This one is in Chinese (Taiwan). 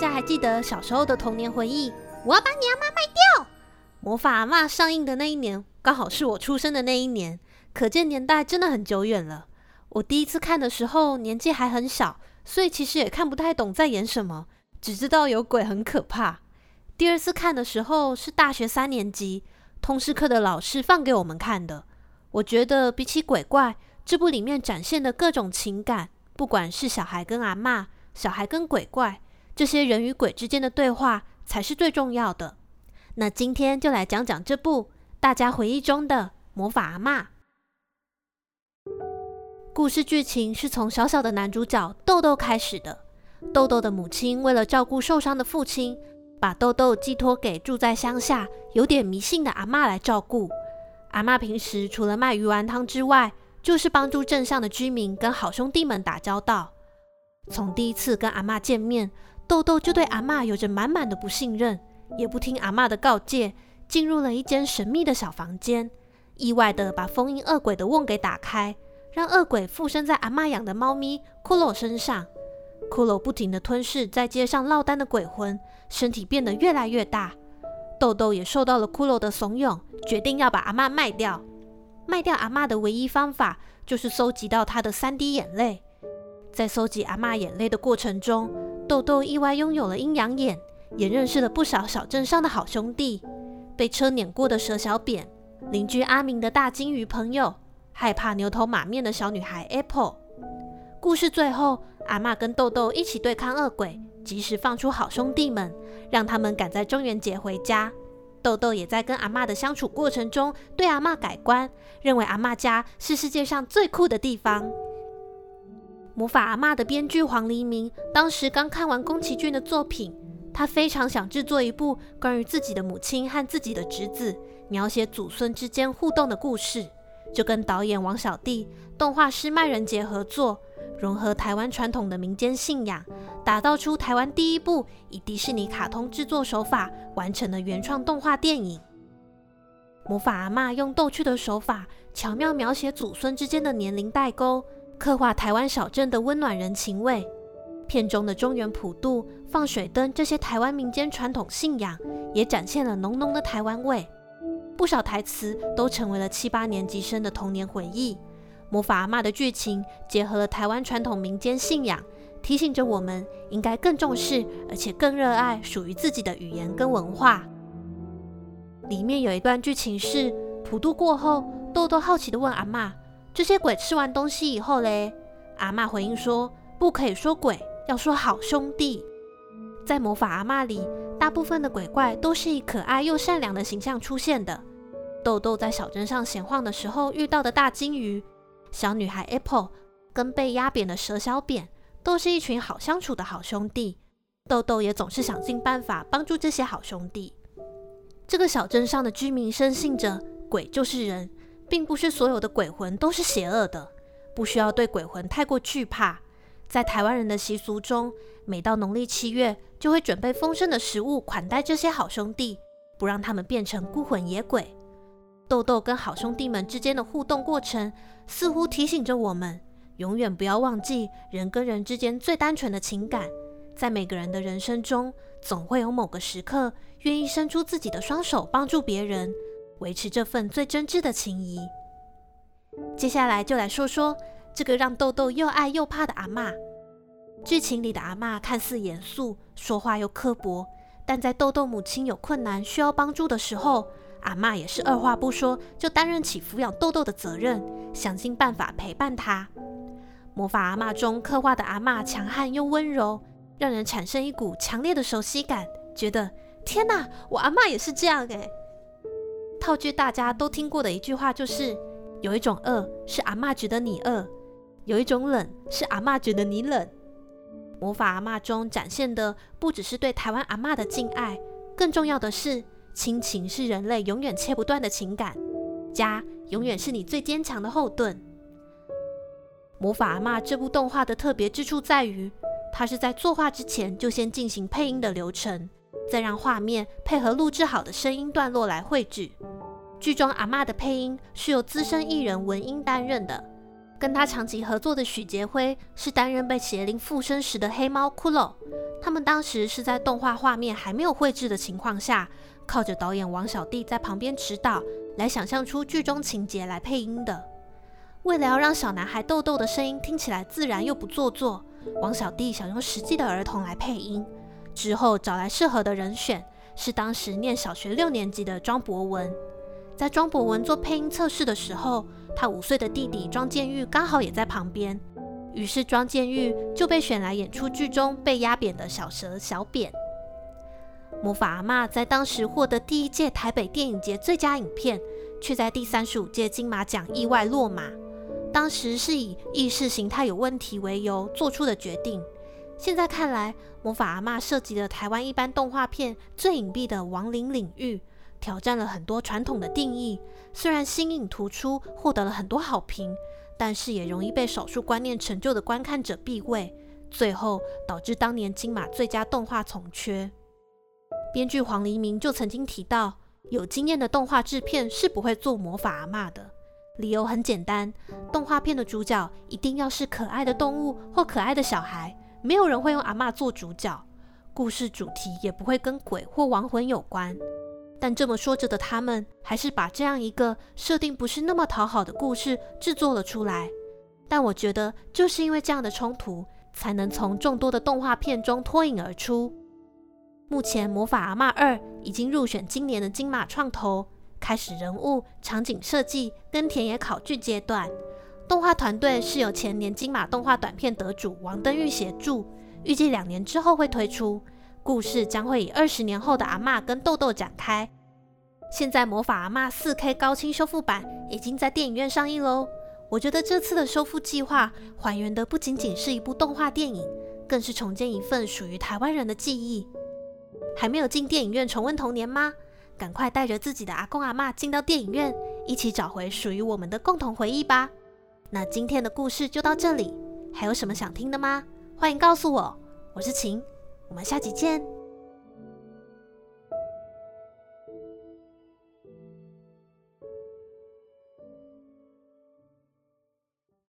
大家還記得小時候的童年回憶？我要把你阿嬤賣掉。魔法阿嬤上映的那一年，剛好是我出生的那一年，可見年代真的很久遠了。我第一次看的時候年紀還很小，所以其實也看不太懂在演什麼，只知道有鬼很可怕。第二次看的時候是大學三年級，通識課的老師放給我們看的。我覺得比起鬼怪，這部裡面展現的各種情感，不管是小孩跟阿嬤，小孩跟鬼怪。這些人與鬼之間的對話才是最重要的。那今天就來講講這部大家回憶中的魔法阿嬤。故事劇情是從小小的男主角豆豆開始的。豆豆的母親為了照顧受傷的父親，把豆豆寄托給住在鄉下有點迷信的阿嬤來照顧。阿嬤平時除了賣魚丸湯之外，就是幫助鎮上的居民跟好兄弟們打交道。從第一次跟阿嬤見面，豆豆就對阿嬤有着滿滿的不信任，也不聽阿嬤的告誡，進入了一間神秘的小房間，意外的把封印惡鬼的甕給打開，讓惡鬼附身在阿嬤養的貓咪骷髏身上。骷髏不停的吞噬在街上落單的鬼魂，身體變得越來越大。豆豆也受到了骷髏的慫恿，決定要把阿嬤賣掉。賣掉阿嬤的唯一方法就是收集到她的三滴眼淚。在收集阿嬤眼淚的過程中，豆豆意外擁有了陰陽眼，也認識了不少小鎮上的好兄弟：被車碾過的蛇小扁、鄰居阿明的大金魚朋友、害怕牛頭馬面的小女孩 Apple。故事最後，阿嬤跟豆豆一起對抗惡鬼，及時放出好兄弟們，讓他們趕在中元節回家。豆豆也在跟阿嬤的相處過程中對阿嬤改觀，認為阿嬤家是世界上最酷的地方。《魔法阿嬤》的編劇黃黎明當時剛看完宮崎駿的作品，他非常想製作一部關於自己的母親和自己的侄子，描寫祖孫之間互動的故事，就跟導演王小棣、動畫師麥人杰合作，融合台灣傳統的民間信仰，打造出台灣第一部以迪士尼卡通製作手法完成的原創動畫電影《魔法阿嬤》，用逗趣的手法巧妙描寫祖孫之間的年齡代溝。刻畫台灣小鎮的溫暖人情味，片中的中原普渡、放水燈這些台灣民間傳統信仰，也展現了濃濃的台灣味。不少台詞都成為了七八年級生的童年回憶。魔法阿嬤的劇情結合了台灣傳統民間信仰，提醒着我們應該更重視而且更熱愛屬於自己的語言跟文化。裡面有一段劇情是普渡過後，豆豆好奇地問阿嬤。這些鬼吃完東西以後嘞，阿嬤回應說：“不可以說鬼，要說好兄弟。”在魔法阿嬤裡，大部分的鬼怪都是以可愛又善良的形象出現的。豆豆在小鎮上閒晃的時候遇到的大金魚、小女孩 Apple 跟被壓扁的蛇小扁，都是一群好相處的好兄弟。豆豆也總是想盡辦法幫助這些好兄弟。這個小鎮上的居民深信着鬼就是人。並不是所有的鬼魂都是邪惡的，不需要對鬼魂太過懼怕。在台灣人的習俗中，每到農曆七月，就會準備豐盛的食物款待這些好兄弟，不讓他們變成孤魂野鬼。豆豆跟好兄弟們之間的互動過程，似乎提醒着我們，永遠不要忘記人跟人之間最單純的情感。在每個人的人生中，總會有某個時刻，願意伸出自己的雙手幫助別人。維持這份最真摯的情誼。接下來就來說說這個讓豆豆又愛又怕的阿嬤。劇情裡的阿嬤看似嚴肅，說話又刻薄，但在豆豆母親有困難需要幫助的時候，阿嬤也是二話不說就擔任起撫養豆豆的責任，想盡辦法陪伴她。魔法阿嬤中刻畫的阿嬤強悍又溫柔，讓人產生一股強烈的熟悉感，覺得天哪，我阿嬤也是這樣哎。套句大家都聽過的一句話，就是有一種餓是阿嬤覺得你餓，有一種冷是阿嬤覺得你冷。魔法阿嬤中展現的不只是對台灣阿嬤的敬愛，更重要的是親情，情是人類永遠切不斷的情感，家永遠是你最堅強的後盾。魔法阿嬤這部動畫的特別之處在於，它是在作畫之前就先進行配音的流程。再讓畫面配合錄製好的聲音段落來繪製。劇中阿嬤的配音是由資深藝人文英擔任的，跟她長期合作的許傑輝是擔任被邪靈附身時的黑貓骷髏。他們當時是在動畫畫面還沒有繪製的情況下，靠着導演王小棣在旁邊指導來想象出劇中情節來配音的。為了要讓小男孩豆豆的聲音聽起來自然又不做作，王小棣想用實際的兒童來配音。之後找來適合的人選，是當時念小學六年級的莊博文。在莊博文做配音測試的時候，他五歲的弟弟莊建玉剛好也在旁邊，於是莊建玉就被選來演出劇中被壓扁的小蛇小扁。《魔法阿嬤》在當時獲得第一屆台北電影節最佳影片，卻在第三十五屆金馬獎意外落馬，當時是以意識形態有問題為由做出的決定。現在看來，《魔法阿嬤》涉及了台灣一般動畫片最隱蔽的亡靈領域，挑戰了很多傳統的定義。雖然新穎突出，獲得了很多好評，但是也容易被少數觀念陳舊的觀看者避諱，最後導致當年金馬最佳動畫從缺。編劇黃黎明就曾經提到，有經驗的動畫制片是不會做《魔法阿嬤》的，理由很簡單：動畫片的主角一定要是可愛的動物或可愛的小孩。沒有人會用阿嬤做主角，故事主題也不會跟鬼或亡魂有關。但這麼說着的他們，還是把這樣一個設定不是那麼討好的故事制作了出來。但我覺得，就是因為這樣的衝突，才能從眾多的動畫片中脫穎而出。目前，《魔法阿嬤二》已經入選今年的金馬創投，開始人物、場景設計跟田野考據階段。動畫團隊是由前年金馬動畫短片得主王登玉協助，預計兩年之後會推出。故事將會以二十年後的阿嬤跟豆豆展開。現在《魔法阿嬤》4K 高清修復版已經在電影院上映嘍！我覺得這次的修復計劃，還原的不僅僅是一部動畫電影，更是重建一份屬於台灣人的記憶。還沒有進電影院重溫童年嗎？趕快帶着自己的阿公阿嬤進到電影院，一起找回屬於我們的共同回憶吧！那今天的故事就到這裡，還有什麼想聽的嗎？歡迎告訴我，我是晴，我們下期見。